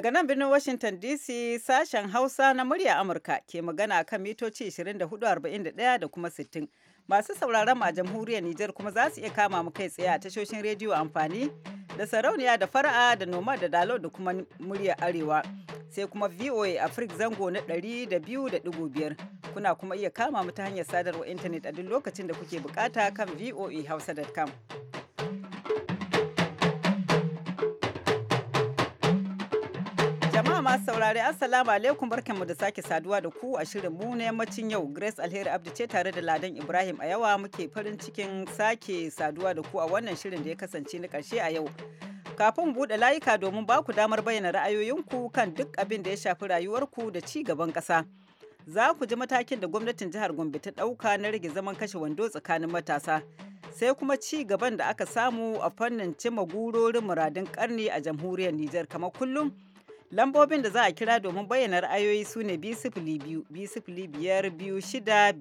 Daga nan birnin Washington DC sashen Hausa na murya Amurka ke magana kan mitoci 24,41 da kuma 60. Masu sauraron a jamhuriyar Nijar kuma za su iya kama mu kai tsaye a tashoshin rediyo amfani da sarauniya da fara'a da noma da dalo da kuma murya arewa. Sai kuma VOA Afrik zango na 200.5 kuna kuma iya kama mu ta hanyar sadarwa intanet a duk lokacin da kuke bukata kan voahausa.com. Jama'a masu saurari Assalamu alaikum mu da sake saduwa da ku a shirin mu na yammacin yau Grace Alheri Abdu ce tare da Ladan Ibrahim a yawa muke farin cikin sake saduwa da ku a wannan shirin da ya kasance na karshe a yau. Kafin buɗe layuka domin ba ku damar bayyana ra'ayoyinku kan duk abin da ya shafi rayuwarku da ci gaban ƙasa. Za ku ji matakin da gwamnatin jihar Gombe ta ɗauka na rage zaman kashe wando tsakanin matasa. sai kuma ci gaban da aka samu a fannin cima gurorin muradun karni a jamhuriyar Nijar kamar kullum Lambobin da za a kira domin bayyana ra'ayoyi su ne biyar biyu shida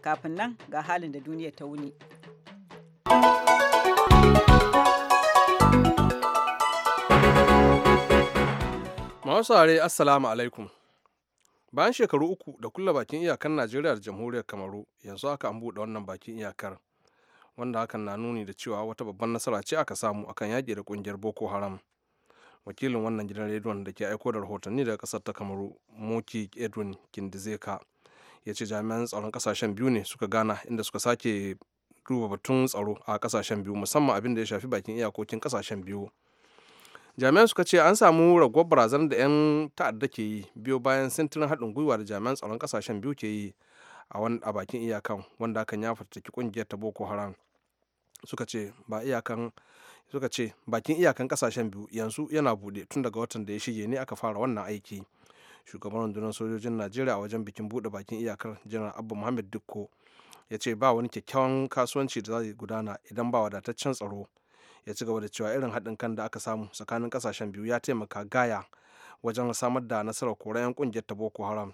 kafin nan ga halin da duniya ta wuni. Masu Assalamu alaikum. Bayan shekaru uku da kulla bakin iyakar Najeriya da Jamhuriyar Kamaru yanzu aka an buɗe wannan bakin iyakar wanda hakan na nuni da cewa wata babban nasara ce aka samu akan yaƙi da ƙungiyar Boko Haram. wakilin wannan gidan rediyon da ke aiko da rahotanni daga kasar ta kamaru moki edwin kindizeka ya ce jami'an tsaron kasashen biyu ne suka gana inda suka sake duba batun tsaro a kasashen biyu musamman abin da ya shafi bakin iyakokin kasashen biyu jami'an suka ce an samu raguwar barazanar da 'yan ta'adda ke yi biyo bayan sintirin haɗin gwiwa da jami'an tsaron kasashen biyu ke yi a bakin iyakan wanda hakan ya fataki kungiyar ta boko haram suka ce ba iyakan suka ce bakin iyakan kasashen biyu yanzu yana bude tun daga watan da ya shige ne aka fara wannan aiki shugaban rundunar sojojin najeriya a wajen bikin buɗe bakin iyakar janar abba muhammad dukko ya ce ba wani kyakkyawan kasuwanci da zai gudana idan ba wadataccen tsaro ya ci gaba da cewa irin haɗin kan da aka samu tsakanin kasashen biyu ya taimaka gaya wajen samar da nasarar koren 'yan kungiyar ta boko haram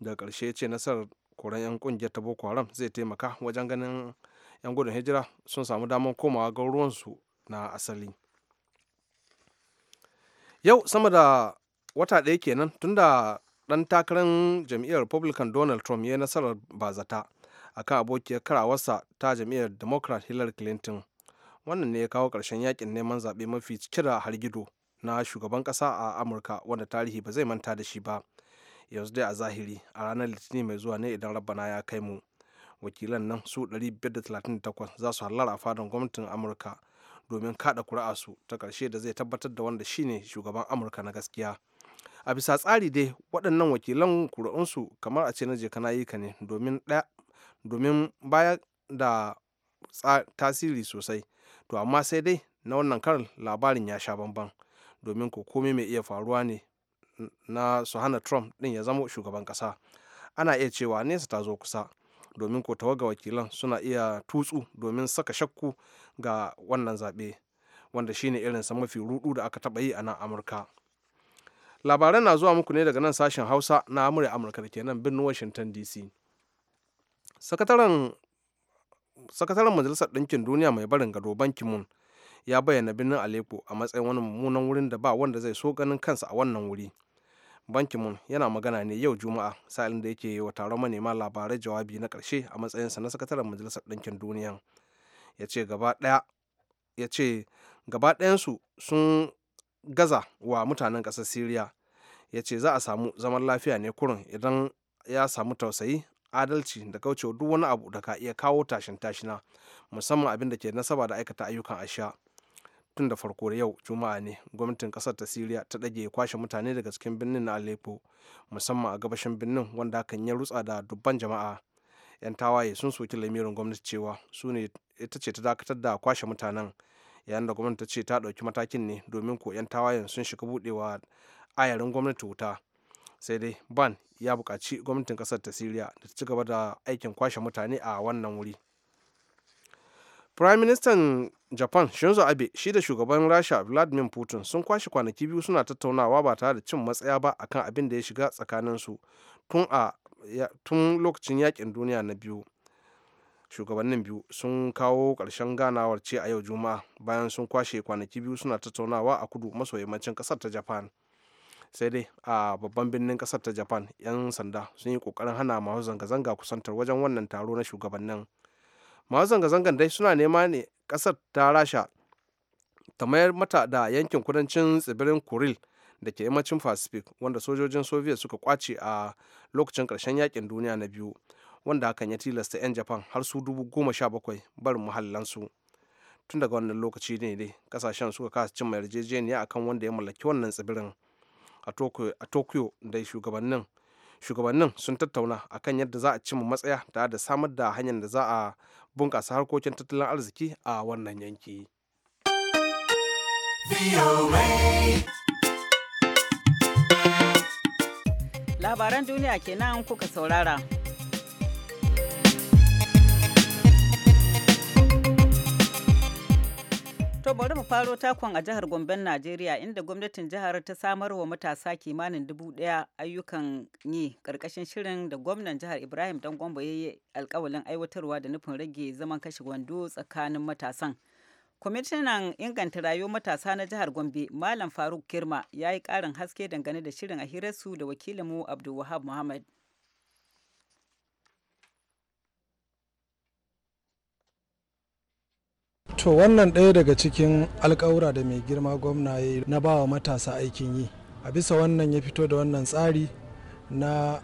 daga karshe ya ce nasarar koren 'yan kungiyar ta boko haram zai taimaka wajen ganin 'yan gudun hijira sun samu damar komawa ga ruwansu na asali yau sama da wata ɗaya kenan tun da ɗan takarar jam'iyyar republican donald trump ya yi nasarar bazata akan abokiyar karawarsa ta jam'iyyar democrat hillary clinton wannan ne ya kawo ƙarshen yakin neman zaɓe mafi cike da gido na shugaban ƙasa a amurka wanda tarihi ba zai manta da shi ba yanzu dai a zahiri a ranar litinin mai zuwa ne idan rabbana ya kai mu wakilan nan su 538 za su hallara a fadan gwamnatin amurka domin kada su ta ƙarshe da zai tabbatar da wanda shine shugaban amurka na gaskiya a bisa tsari dai waɗannan wakilan kuri'unsu kamar a ce na na yi ka ne domin baya da tasiri sosai to amma sai dai na wannan karin labarin ya sha bamban domin ko komai mai iya faruwa ne na su hana trump ɗin ya zama shugaban ƙasa ana iya cewa nesa ta zo kusa domin ko tawaga wakilan suna iya tutsu domin saka shakku ga wannan zaɓe wanda shine irinsa mafi rudu da aka taɓa yi a nan amurka labaran na zuwa muku ne daga nan sashen hausa na amurya amurka da ke nan birnin washington dc sakataren majalisar ɗinkin duniya mai barin gado banki mun ya bayyana birnin aleppo a matsayin wani mummunan wurin da ba wanda zai so ganin kansa a wannan wuri banki mun yana magana ne yau juma'a sa'ilin da yake yi wa taron manema labarai jawabi na ƙarshe a matsayinsa na sakataren majalisar ɗinkin duniya ya ce gaba ɗayansu sun gaza wa mutanen ƙasar siriya ya ce za a samu zaman lafiya ne kurin idan ya samu tausayi adalci da kaucewa duk wani abu da ka iya kawo tashin tashina musamman abin da ke nasaba da aikata ayyukan asha tun da farko yau juma'a ne gwamnatin kasar ta siriya ta ɗage kwashe mutane daga cikin birnin na aleppo musamman a gabashin birnin wanda hakan ya rutsa da dubban jama'a yan tawaye sun soki lamirin gwamnati cewa su ne ita ce ta dakatar da kwashe mutanen yayin da gwamnati ta ce ta ɗauki matakin ne domin ko 'yan tawayen sun shiga buɗewa ayarin gwamnati wuta sai dai ban ya buƙaci gwamnatin ƙasar ta siriya da ta ci gaba da aikin kwashe mutane a wannan wuri prime minister japan shinzo abe shi da shugaban rasha vladimir putin sun kwashe kwanaki biyu suna tattaunawa ba tare da cin matsaya ba akan abin da ya shiga tsakaninsu tun tun lokacin yakin duniya na biyu shugabannin biyu sun kawo ƙarshen ganawar ce a yau juma'a bayan sun kwashe kwanaki biyu suna tattaunawa a kudu maso yammacin kasar ta japan sai dai a babban birnin ƙasar ta japan 'yan sanda sun yi kokarin hana masu zanga-zanga kusantar wajen wannan taro na shugabannin masu zanga-zangan dai suna nema ne ƙasar ta rasha ta mayar mata da yankin kudancin tsibirin kuril da ke yammacin pacific wanda sojojin soviet suka kwace a lokacin ƙarshen yakin duniya na biyu wanda hakan ya tilasta 'yan japan har su dubu goma sha bakwai barin muhallansu tun daga wannan lokaci ne dai kasashen suka kasa cin yarjejeniya akan wanda ya mallaki wannan tsibirin a tokyo da shugabannin shugabannin sun tattauna akan yadda za a cimma matsaya tare da samar da hanyar da za a bunƙasa harkokin tattalin arziki a wannan yanki. Labaran duniya kenan kuka saurara. To bari mu faro takon a jihar Gomben Najeriya inda gwamnatin jihar ta samar wa matasa kimanin dubu daya ayyukan yi karkashin shirin da gwamnan jihar Ibrahim gombe ya yi alkawalin aiwatarwa da nufin rage zaman kashe wando tsakanin matasan. Kwamishinan inganta rayuwar matasa na jihar Gombe Malam Faruk Kirma ya yi karin haske dangane da shirin a hirarsu da wakilinmu Abdul Wahab Muhammad. to wannan ɗaya daga cikin alkawura da mai girma gwamna ya yi na bawa matasa aikin yi a bisa wannan ya fito da wannan tsari na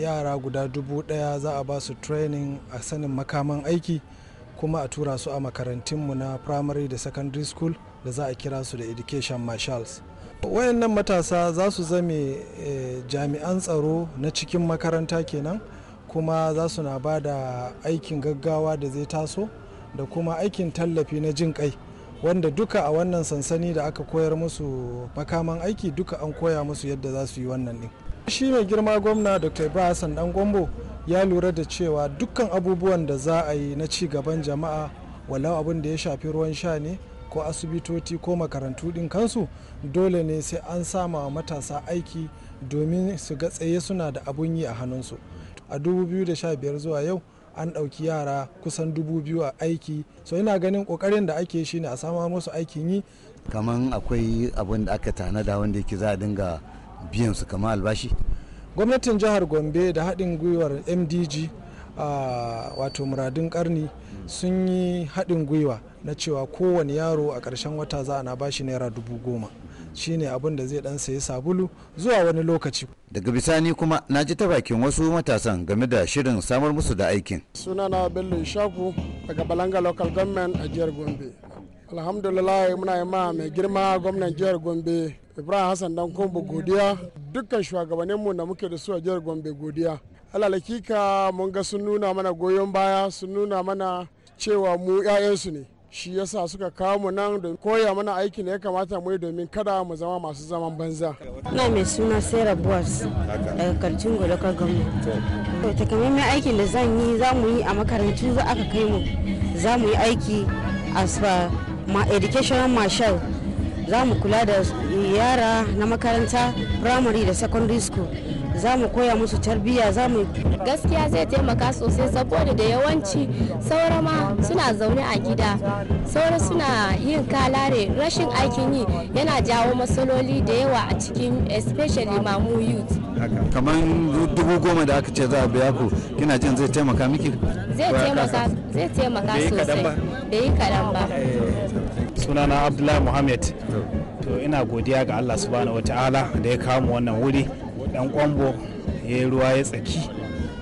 yara guda dubu ɗaya za a ba su training a sanin makaman aiki kuma a tura su a makarantunmu na primary da secondary school da za a kira su da education marshals wayannan matasa za su zame eh, jami'an tsaro na cikin makaranta kenan kuma za su na ba da aikin gaggawa da zai taso da kuma aikin tallafi na jin kai wanda duka a wannan sansani da aka koyar musu makaman aiki duka an koya musu yadda za su yi wannan din shi mai girma gwamna dr ibrahim dan gombo ya lura da cewa dukkan abubuwan da za a yi na ci gaban jama'a walau abin da ya shafi ruwan sha ne ko asibitoci ko makarantu din kansu dole ne sai an sama matasa aiki domin su ga tsaye suna da abun yi a hannunsu a 2015 zuwa yau an ɗauki yara kusan dubu biyu a aiki so ina ganin ƙoƙarin da ake shi ne a samar musu aikin yi kaman akwai abin da aka tanada wanda yake za a dinga biyan su kamar albashi gwamnatin jihar gombe da haɗin gwiwar mdg a wato muradun karni sun yi haɗin gwiwa na cewa kowane yaro a ƙarshen wata za a na bashi naira dubu goma shine abin da zai dan sayi sabulu zuwa wani lokaci daga bisani kuma na ji ta bakin wasu matasan game da shirin samar musu da aikin sunana bello ishaku daga balanga local government a jihar gombe alhamdulillah muna yi ma mai girma gwamnan jihar gombe ibrahim hassan dan kombo godiya dukkan shugabanninmu da muke da su a jihar gombe godiya alalakika mun ga sun nuna mana goyon baya sun nuna mana cewa mu 'ya'yansu ne shi yasa suka kawo mu nan da koya mana aikin da ya kamata mu yi domin kada mu zama masu zaman banza. Ina mai suna Sarah Buwas daga Karcin Godo ka gamu. Takamaiman aikin da zan yi za mu yi a makarantu za aka kai mu za mu yi aiki a ma educational marshal za mu kula da yara na makaranta primary da secondary school. za mu koya musu tarbiyya za mu gaskiya zai taimaka sosai saboda da yawanci saura ma suna zaune a gida saura suna yin kalare rashin aikin yi yana jawo matsaloli da yawa a cikin especially mamu youth kamar dubu goma da aka ce za a biya ku kina jin zai taimaka miki zai taimaka sosai bai yi kaɗan ba sunana abdullahi muhammad to ina godiya ga allah subhanahu wataala da ya kawo mu wannan wuri dan kwambo ya yi ruwa ya tsaki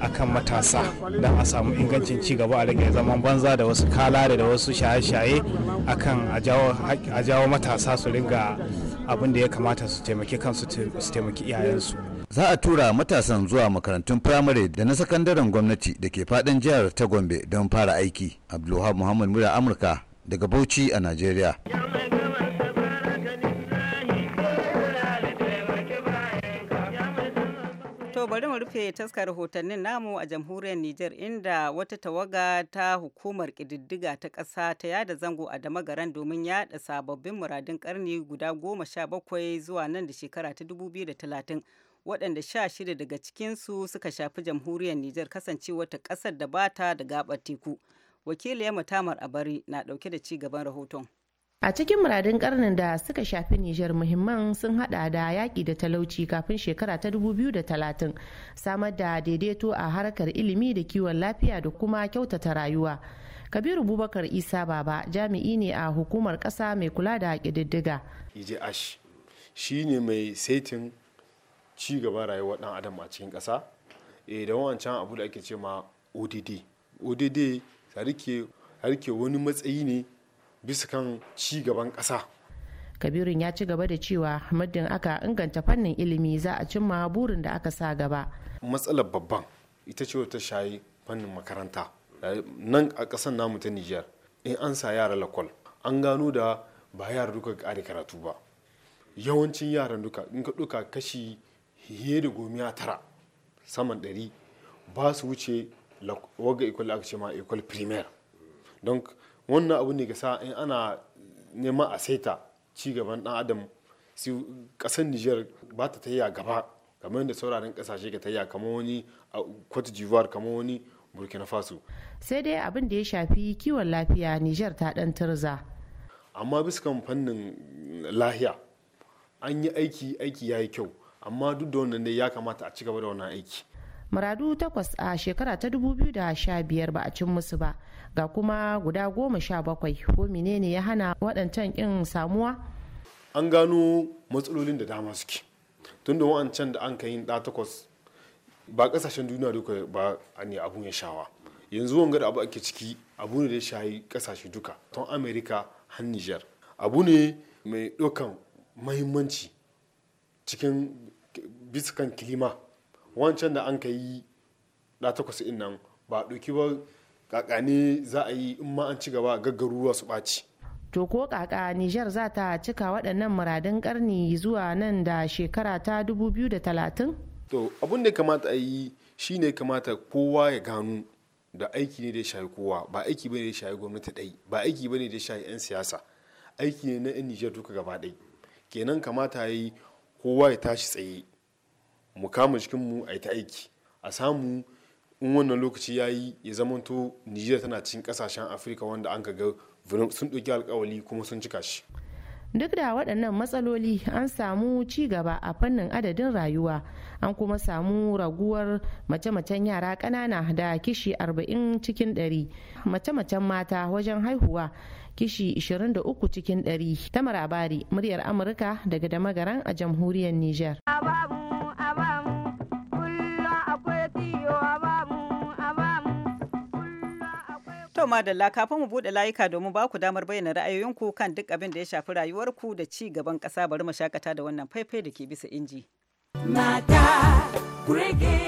akan matasa don a samu ingancin ci gaba a rage zaman banza da wasu kala da wasu shaye-shaye akan a jawo matasa su ringa abin da ya kamata su taimaki kansu su taimaki iyayensu za a tura matasan zuwa makarantun firamare da na sakandaren gwamnati da ke fadin jihar ta gombe don fara aiki abdulhab muhammad mura amurka daga bauchi a najeriya bari mu rufe taskar rahotannin namu a jamhuriyar Nijar inda wata tawaga ta hukumar ƙididdiga ta ƙasa ta yada zango a damagaran domin yada sababbin muradin karni guda goma sha bakwai zuwa nan da shekara ta dubu biyu da talatin waɗanda sha shida daga cikinsu suka shafi jamhuriyar Nijar kasance wata ƙasar da bata da gaɓar teku. Wakiliyar Mutamar Abari na ɗauke da ci gaban rahoton. A cikin muradin karnin da suka shafi Nijar muhimman sun hada da yaƙi da talauci kafin shekara ta 2030, samar da daidaito a harkar ilimi da kiwon lafiya da kuma kyautata rayuwa. Kabiru Bubakar Isa Baba jami'i ne a hukumar ƙasa mai kula da ƙididdiga. Ash shi ne mai saitin ci gaban rayuwa ɗan adam a cikin ƙasa. Eh, da wancan abu da ake ce ma ODD. ODD harke wani matsayi ne bisa kan ci gaban ƙasa. kabirin ya ci gaba da cewa muddin aka inganta fannin ilimi za a cimma burin da aka sa gaba matsalar babban ita ce ta shayi fannin makaranta nan a ƙasar namu ta nijar in an sa yara lakwal an gano da ba yara duka kare karatu ba yawancin yaran duka in ka duka kashi hiye da gomiya tara saman ɗari ba su wuce waga ikwal aka ce ma ikwal primaire don wannan abu ne ga sa in ana neman a saita ci gaban dan adam su kasar niger ba ta tayya gaba kamar yadda sauraren kasashe ka tayya kamar wani cote d'ivoire kamar wani burkina faso sai dai abin da ya shafi kiwon lafiya niger ta dan turza amma bisa kan fannin lahiya an yi aiki aiki ya yi kyau amma duk da wannan dai ya kamata a ci gaba da wannan aiki maradu takwas a shekara ta dubu biyu da sha biyar ba a cin musu ba ga kuma guda goma sha bakwai ko menene ya hana waɗancan ƙin samuwa an gano matsalolin da dama suke tun da wa'ancan da an ka yi ɗa takwas ba ƙasashen duniya duka ba ne abun ya shawa yanzu wanga da abu ake ciki abu ne da ya shayi ƙasashe duka tun amerika har niger abu ne mai ɗaukan mahimmanci cikin bisa kilima wancan da an ka yi da takwas in nan ba ɗauki ba kakani za a yi in ma an ci gaba gaggaruwa su ɓaci to ko kaka Nijar za ta cika waɗannan muradun ƙarni zuwa nan da shekara ta 2030? To abin da kamata a yi shi ne kamata kowa ya gano da aiki ne da ya shayi kowa ba aiki ba ne da ya shayi gwamnati ɗai ba aiki ba ne da ya shayi 'yan siyasa aiki ne na 'yan Nijar duka gaba ɗai kenan kamata ya yi kowa ya tashi tsaye mu kama mu a yi ta aiki a samu in wannan lokaci ya yi ya zamanto nijar tana cikin kasashen afirka wanda an ga sun ɗauki alkawali kuma sun cika shi duk da waɗannan matsaloli an samu ci gaba a fannin adadin rayuwa an kuma samu raguwar mace-macen yara ƙanana da kishi 40 cikin 100 mace-macen mata wajen haihuwa kishi 23 cikin 100 ta marabari muryar amurka daga damagaran a jamhuriyar niger madalla kafin mu buɗe layuka domin ba ku damar bayyana ra'ayoyinku kan duk abin da ya shafi rayuwarku da ci gaban ƙasa bari mu shakata da wannan faifai da ke bisa inji. Mata, kurege.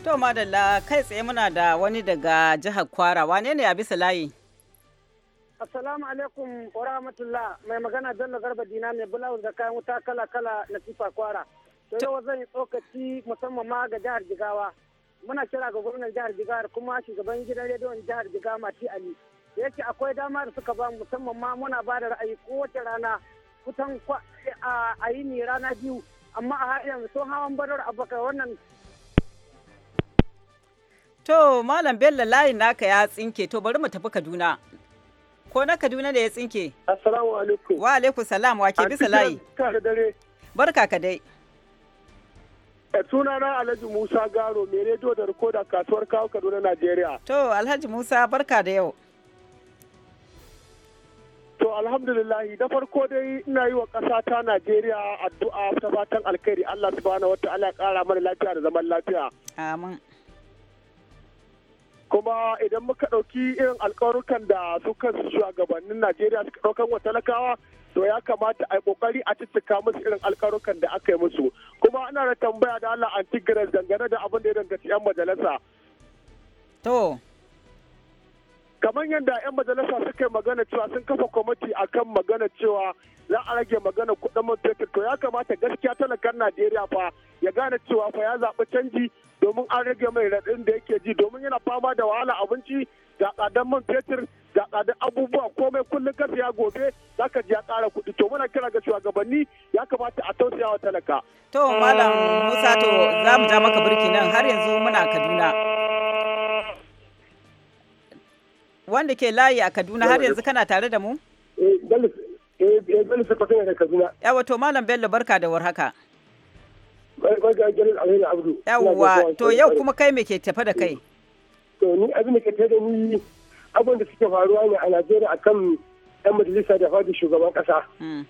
To madalla kai tsaye muna da wani daga jihar Kwara wane ne a bisa layi? Assalamu alaikum wa rahmatullah mai magana Bello Garba Dina mai bulawun da kayan wuta kala kala na tifa Kwara. To yau zan yi tsokaci musamman ma ga jihar Jigawa. Muna kira ga gwamnan jihar Jigawa kuma shugaban gidan rediyon jihar Jigawa Mati Ali. Da yake akwai dama da suka ba musamman ma muna ba da ra'ayi kowace rana kusan a yi ne rana biyu amma a yanzu sun hawan barar abokai wannan To, Malam Bello layin naka ya tsinke, to bari mu tafi Kaduna. Ko na Kaduna da ya tsinke? Assalamu alaikum. Wa alaikum salam, wa ke bisa layi? Barka ka dai. Eh, sunana Alhaji Musa Garo, mai rediyo da rikoda kasuwar kawo Kaduna, Najeriya. To, Alhaji Musa, barka da yau. To alhamdulillahi da farko dai ina yi wa ƙasa ta Najeriya addu'a ta fatan alkhairi Allah subhanahu wataala ya ƙara mana lafiya da zaman lafiya. Amin. kuma idan muka ɗauki irin alkawarukan da su shugabannin najeriya suka ɗaukan wa talakawa to ya kamata a yi ƙoƙari a cicika musu irin alkarukan da aka yi musu kuma ana da tambaya da Allah antigiras dangane da abin da ya danganci 'yan majalisa. kamar yadda 'yan majalisa suka yi magana cewa sun kafa kwamiti kan magana cewa za a rage magana kudin man fetur to ya kamata gaskiya talakan najeriya fa ya gane cewa fa ya zaɓi canji domin an rage mai raɗin da yake ji domin yana fama da wahala abinci ga tsadar man fetur ga tsadar abubuwa komai kullum ka saya gobe za ka ji ya ƙara kuɗi to muna kira ga shugabanni ya kamata a tausaya wa talaka. to malam musa to za mu ja maka birki nan har yanzu muna kaduna. wanda ke layi a Kaduna har yanzu kana tare da mu? Ya eh, wato eh, eh, ne Kaduna. to Malam Bello barka da warhaka. Yawa to yau kuma kai me ke tafa da kai? To ni abin da ke tafe da ni abin da suke faruwa ne a Najeriya akan yan majalisa da fadi shugaban kasa. Hmm.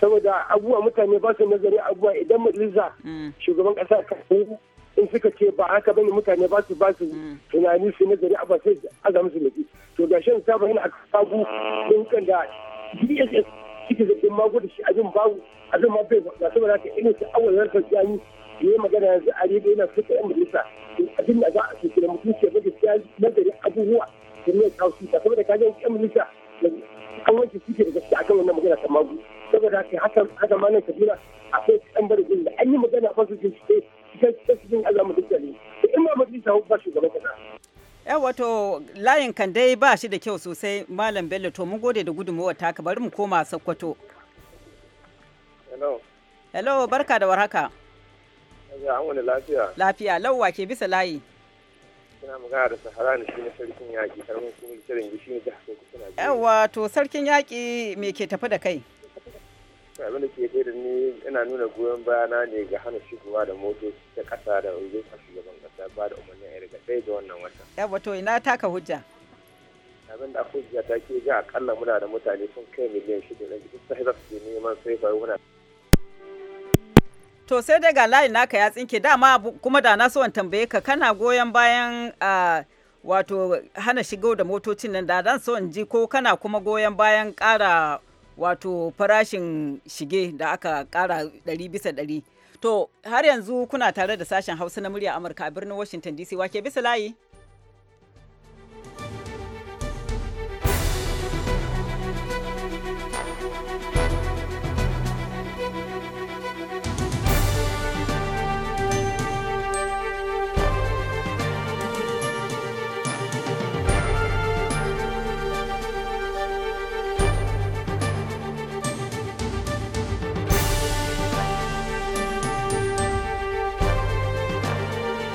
Saboda abubuwa mutane ba su nazari abubuwa idan majalisa hmm. shugaban kasa kan in suka ce ba haka bane mutane ba su ba su mm. tunani su nazari a ba a aza musu nufi to ga shan ta bayyana a sabu don kan da dss suke zargin mago da shi abin babu abin ma bai ba saboda ka ina su awal harkar jami yi magana yanzu a rediyo yana suka yan majalisa abin da za a ce da mutum ke bada siya nazari abubuwa da ne ka su saboda ka ga yan majalisa an wanke suke da gaske akan wannan magana ta mago saboda haka hakan haka ma nan kabila akwai ɗan barin da an yi magana a fasu sai cikin alamun dukkan in ba majalisa ba shugaban kasa. yan wato layin kan dai ba shi da kyau sosai malam bello to mun gode da gudunmawar taka bari mu koma sokoto hello hello barka da warhaka ya an wani lafiya lafiya lawa ke bisa layi suna magana da sahara ne shine sarkin yaƙi karamin kuma shirin gishi ne da sokoto yawa wato sarkin yaƙi me ke tafi da kai abin da ke kai da ni ina nuna goyon bayana ne ga hana shigowa da motoci ta kasa da a shugaban kasa ba da umarnin ya riga sai da wannan wata. ya bato ina taka hujja. Abin da hujja ta ke ji akalla muna da mutane sun kai miliyan shida na jikin sahirar su neman sai faru muna. To sai dai ga layi naka ya tsinke dama kuma da na so in tambaye ka kana goyon bayan wato hana shigo da motocin nan da dan so in ji ko kana kuma goyon bayan ƙara wato farashin shige da aka kara ɗari bisa ɗari. To har yanzu kuna tare da sashen Hausa na murya Amurka a birnin Washington DC wake bisa layi.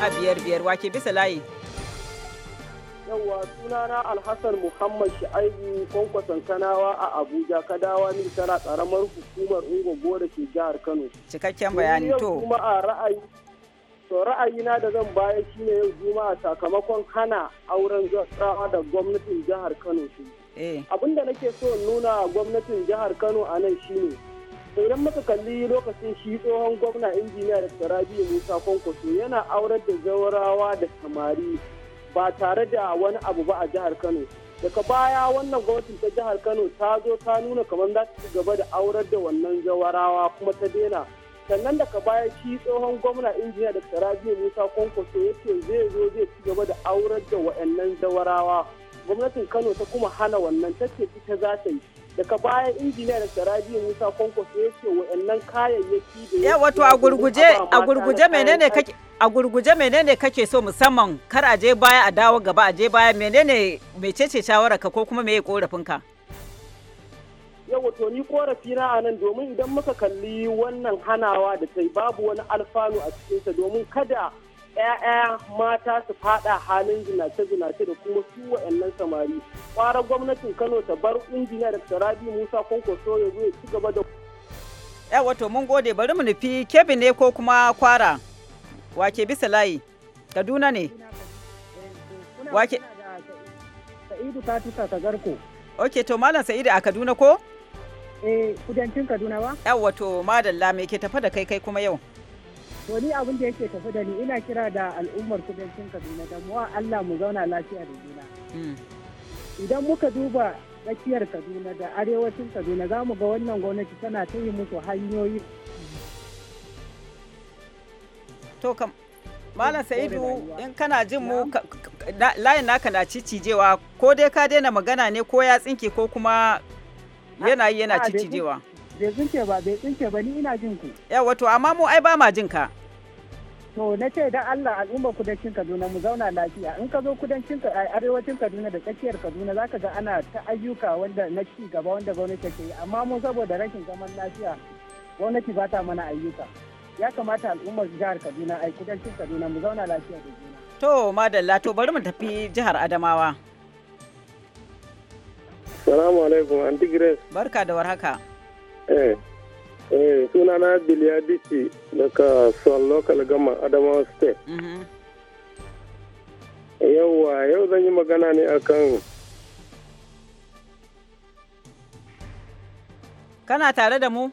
jama'a biyar biyar wake bisa layi. Yawwa sunana Alhassan Muhammad Sha'ibu kwankwason kanawa a Abuja kadawa min tana karamar hukumar Ungogo da ke jihar Kano. Cikakken bayani to. Kuma ra'ayi to ra'ayina da zan baya ne yau juma'a sakamakon hana auren zuwa da gwamnatin jihar Kano shi. Eh. Abin da nake so nuna gwamnatin jihar Kano a nan shi ne. to idan muka kalli lokacin shi tsohon gwamna injiniya da sarabi musa kwankwaso yana aurar da zaurawa da samari ba tare da wani abu ba a jihar kano daga baya wannan gwamnatin ta jihar kano ta zo ta nuna kamar za ta ci gaba da aurar da wannan zawarawa kuma ta daina sannan daga baya shi tsohon gwamna injiniya da sarabi musa kwankwaso ya ce zai zo zai ci gaba da aurar da wa'annan zawarawa gwamnatin kano ta kuma hana wannan ta ce ita za ta yi daga baya injiniya da sarabiya musa kwankwaso ya ce wa'annan kayayyaki da ya wato a gurguje a gurguje menene kake a gurguje menene kake so musamman kar a je baya a dawo gaba a je baya menene mecece shawara ka ko kuma mai korafin ka yawa wato ni korafi na anan domin idan muka kalli wannan hanawa da ta babu wani alfanu a cikinsa domin kada 'ya'ya mata su fada halin zinace-zinace da kuma su wa'annan samari ƙwarar gwamnatin kano ta bar injiniya da sarabi musa kwankwaso ya zo ya ci gaba da ya wato mun gode bari mu nufi kebi ne ko kuma kwara wake bisa layi kaduna ne wake sa'idu ta tuka ta garko ok to malam sa'idu a kaduna ko eh kudancin kaduna ba ya wato madalla me ke tafa da kai kai kuma yau wani abin da yake tafi da ni ina kira da al'ummar kudancin kaduna da mu Allah mu zauna lafiya da juna hmm. idan muka duba tsakiyar kaduna da arewacin kaduna za mu ga wannan gwamnati tana ta yi musu hanyoyi to kam malam sa'idu in kana jin mu layin naka na cicijewa ko dai ka daina magana ne ko ya tsinke ko kuma yana yi yana cicijewa bai tsinke ba bai tsinke ba ni ina jin ku yawa to amma mu ai ba ma jin ka to na ce dan Allah al'ummar kudancin Kaduna mu zauna lafiya in ka zo kudancin ka eh, arewacin Kaduna da tsakiyar Kaduna zaka ga ana ta ayyuka wanda na ci gaba wanda gwamnati take yi amma mu saboda rashin zaman lafiya gwamnati ba ta mana ayyuka ya kamata al'ummar jihar Kaduna ai kudancin Kaduna mu zauna lafiya da juna to madalla to bari mu tafi jihar Adamawa Salamu alaikum, Aunty Barka da warhaka. Eh, eh suna na Biliya bici daga Son Local Gama Adamawa State. Mm-hmm. yauwa yau zan yi magana ne akan Kana tare da mu?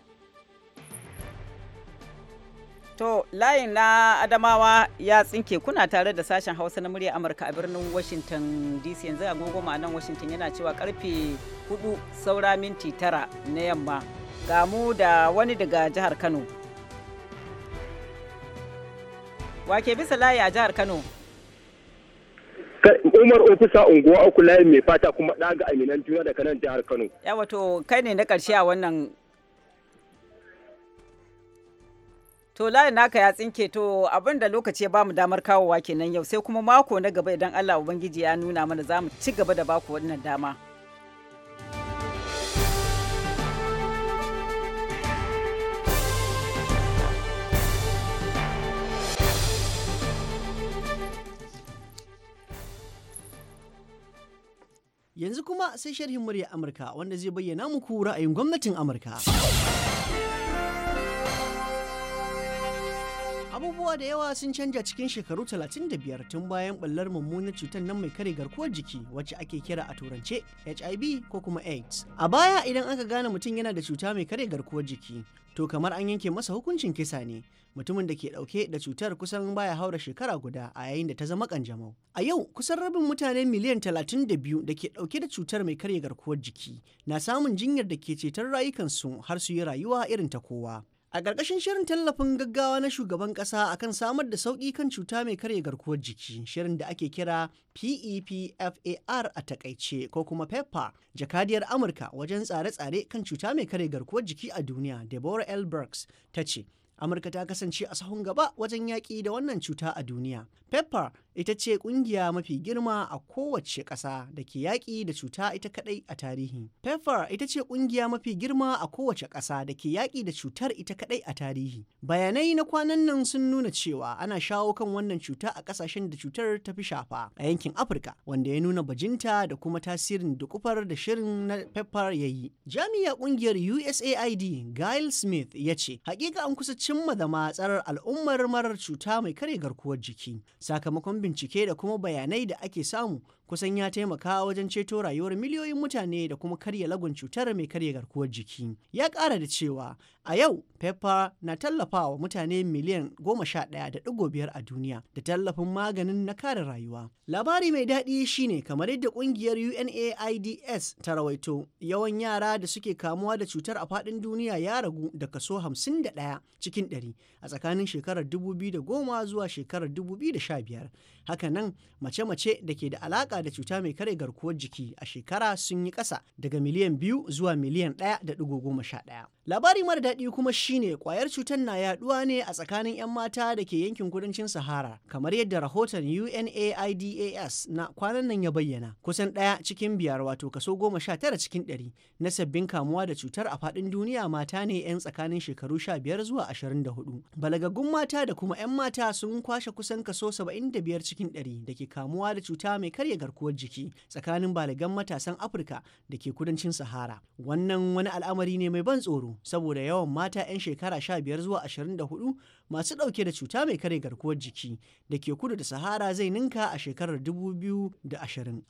To, layin na Adamawa ya tsinke kuna tare da sashen Hausa na murya Amurka a birnin Washington DC yanzu agogo nan Washington yana cewa karfe 4 saura minti 9 na yamma. ga mu da wani daga jihar Kano. Wake bisa layi a jihar Kano. Umar Ofisa unguwa uku layi mai fata kuma ɗaga aminan juna daga nan jihar Kano. Ya wato kai ne na ƙarshe a wannan To layi naka ya tsinke to abin da lokaci ya bamu damar kawowa kenan yau sai kuma mako na gaba idan Allah Ubangiji ya nuna mana za mu ci gaba da baku wannan dama. Yanzu kuma sai sharhin murya Amurka wanda zai bayyana muku ra'ayin gwamnatin Amurka. abubuwa da yawa sun canja cikin shekaru 35 tun bayan ɓallar mummunar cutar nan mai kare garkuwar jiki wacce ake kira a turance hiv ko kuma aids a baya idan aka gane mutum yana da cuta mai kare garkuwar jiki to kamar an yanke masa hukuncin kisa ne mutumin da ke dauke da cutar kusan baya haura shekara guda a yayin da ta zama kanjamau a yau kusan rabin mutane miliyan 32 da ke dauke da cutar mai karya garkuwar jiki na samun jinyar da ke ceton rayukansu har su yi rayuwa irin ta kowa A ƙarƙashin shirin tallafin gaggawa na shugaban ƙasa akan samar da sauƙi kan cuta mai karya garkuwar jiki, shirin da ake kira PEPFAR a takaice ko kuma PEPA, jakadiyar Amurka wajen tsare-tsare kan cuta mai karya garkuwar jiki a duniya, Deborah L. Burks ta ce, Amurka ta kasance a sahun gaba wajen yaƙi da wannan cuta a duniya. Pepper ita ce kungiya mafi girma a kowace ƙasa da ke yaƙi da cuta ita kaɗai a tarihi. PEPFAR ita ce kungiya mafi girma a kowace ƙasa da ke yaƙi da cutar ita kaɗai a tarihi. Bayanai na kwanan nan sun nuna cewa ana shawo kan wannan cuta a ƙasashen da cutar ta fi shafa a yankin Afirka, wanda ya nuna bajinta da kuma tasirin da kufar da shirin na PEPFAR ya yi. Jami'a kungiyar USAID Gail Smith ya ce, hakika an kusa cimma da matsarar al'ummar marar cuta mai kare garkuwar jiki. Sakamakon bincike da kuma bayanai da ake samu kusan ya taimaka wajen ceto rayuwar miliyoyin mutane da kuma karya lagun cutar mai karya garkuwar jiki. Ya ƙara da cewa a yau pepa na tallafawa mutane miliyan goma sha ɗaya da ɗigo biyar a duniya da tallafin maganin na kare rayuwa. Labari mai daɗi shine kamar yadda ƙungiyar UNAIDS ta rawaito yawan yara da suke kamuwa da cutar a faɗin duniya ya ragu da kaso hamsin da ɗaya cikin ɗari a tsakanin shekarar dubu biyu da goma zuwa shekarar dubu biyu da sha biyar. Hakanan mace-mace da ke da alaƙa alaƙa da cuta mai kare garkuwar jiki a shekara sun yi ƙasa daga miliyan biyu zuwa miliyan ɗaya da ɗigo goma sha ɗaya. Labari mara daɗi kuma shine ƙwayar cutar na yaɗuwa ne a tsakanin 'yan mata da ke yankin kudancin Sahara, kamar yadda rahoton UNAIDAS na kwanan nan ya bayyana. Kusan ɗaya cikin biyar wato kaso goma sha tara cikin ɗari na sabbin kamuwa da cutar a faɗin duniya mata ne 'yan tsakanin shekaru sha biyar zuwa ashirin da hudu. Balagaggun mata da kuma 'yan mata sun kwashe kusan kaso saba'in da biyar cikin ɗari da ke kamuwa da cuta mai karya garkuwar jiki tsakanin baligan matasan Afirka da ke kudancin Sahara. Wannan wani al'amari ne mai ban tsoro saboda yawan mata 'yan shekara 15 zuwa 24 masu ɗauke da cuta mai kare garkuwar jiki da ke kudu da sahara zai ninka a shekarar 2020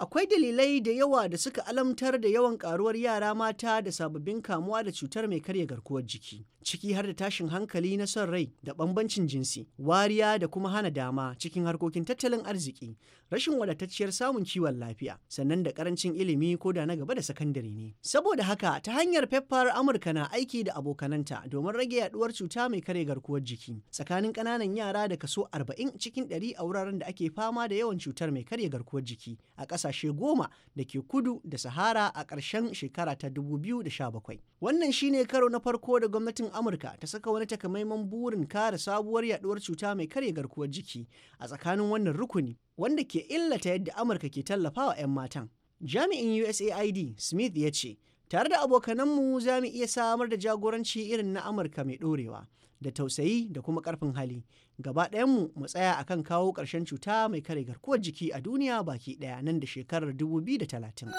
akwai dalilai da yawa da suka alamtar da yawan karuwar yara mata da sababbin kamuwa da cutar mai karya garkuwar jiki ciki har da tashin hankali na son rai da bambancin jinsi wariya da kuma hana dama cikin harkokin tattalin arziki rashin wadatacciyar samun kiwon lafiya sannan da karancin ilimi ko da na gaba da sakandare ne saboda haka ta hanyar peppar amurka na aiki da abokananta domin rage yaduwar cuta mai kare garkuwar jiki tsakanin ƙananan yara da kaso 40 cikin 100 a wuraren da ake fama da yawan cutar mai karya garkuwar jiki a ƙasashe goma da ke kudu da sahara a karshen shekara ta 2017 wannan shine karo na farko da gwamnatin amurka ta saka wani takamaiman burin kare sabuwar yaduwar cuta mai karya garkuwar jiki a tsakanin wannan rukuni wanda ke illata yadda amurka ke tallafawa 'yan matan jami'in usaid smith ya ce tare da abokananmu za mu iya samar da jagoranci irin na amurka mai ɗorewa da tausayi da kuma karfin hali gaba ɗayanmu mu tsaya akan kawo ƙarshen cuta mai kare garkuwar jiki a duniya baki ɗaya nan da shekarar 2030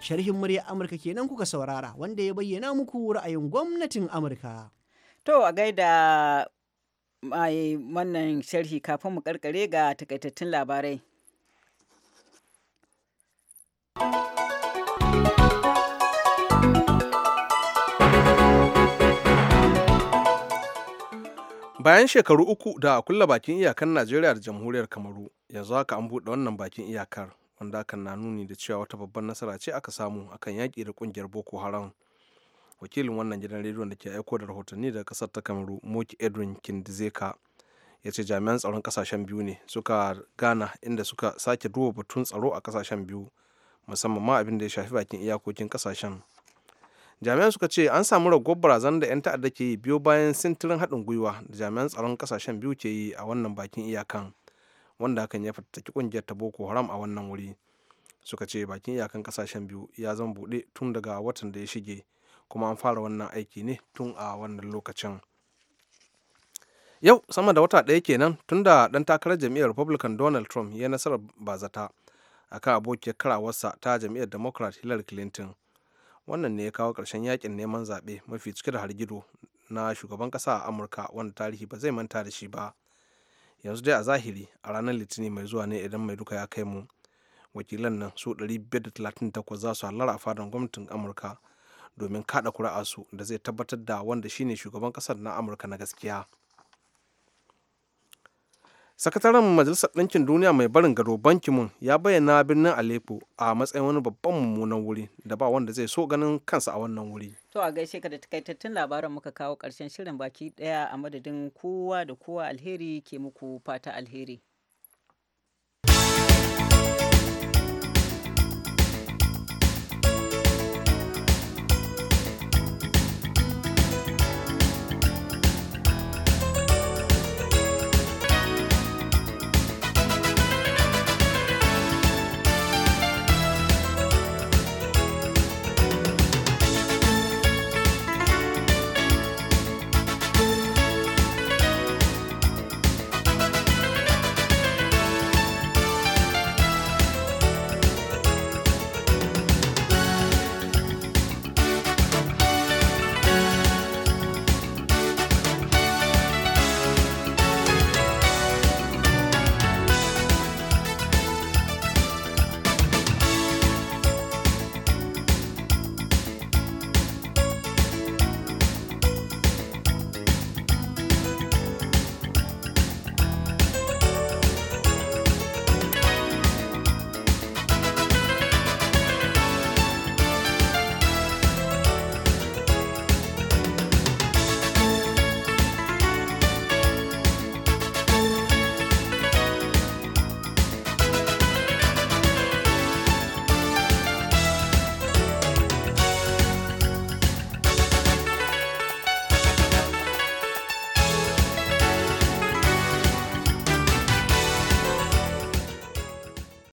sharhin murya amurka kenan kuka saurara wanda ya bayyana muku ra'ayin gwamnatin amurka to a gaida mai wannan sharhi kafin mu karkare ga takaitattun labarai bayan shekaru uku da kulla bakin iyakar najeriya da jamhuriyar kamaru yanzu haka an buɗe wannan bakin iyakar wanda hakan na nuni da cewa wata babbar nasara ce aka samu akan yaƙi da ƙungiyar boko haram wakilin wannan gidan rediyon da ke aiko da rahotanni daga kasar ta kamaru moki edwin kindizeka ya ce jami'an tsaron kasashen biyu ne suka gana inda suka sake duba batun tsaro a kasashen biyu musamman ma abin da ya shafi bakin iyakokin kasashen jami'an suka ce an samu ragowar barazan da 'yan ta'adda ke yi biyo bayan sintirin haɗin gwiwa da jami'an tsaron ƙasashen biyu ke yi a wannan bakin iyakan wanda hakan ya fatattaki ƙungiyar ta boko haram a wannan wuri suka ce bakin iyakan ƙasashen biyu ya zama buɗe tun daga watan da ya shige kuma an fara wannan aiki ne tun a wannan lokacin yau sama da wata ɗaya kenan tun da ɗan takarar jam'iyyar republican donald trump ya nasarar bazata akan abokiyar karawarsa ta jam'iyyar democrat hillary clinton wannan ne ya kawo ƙarshen yakin neman zaɓe mafi cike da hargido na shugaban ƙasa a amurka wanda tarihi ba zai manta da shi ba yanzu dai a zahiri a ranar litinin mai zuwa ne idan mai duka ya kai mu wakilan nan su 538 za su hallara a fadan gwamnatin amurka domin kada su da zai tabbatar da wanda shine shugaban ƙasar na amurka na gaskiya. sakataren majalisar ɗinkin duniya mai barin gado ban ya bayyana birnin aleppo a matsayin wani babban mummunan wuri da ba wanda zai so ganin kansa a wannan wuri to a gaishe ka da takaitattun labaran muka kawo ƙarshen shirin baki ɗaya a madadin kowa da kowa alheri ke muku fata alheri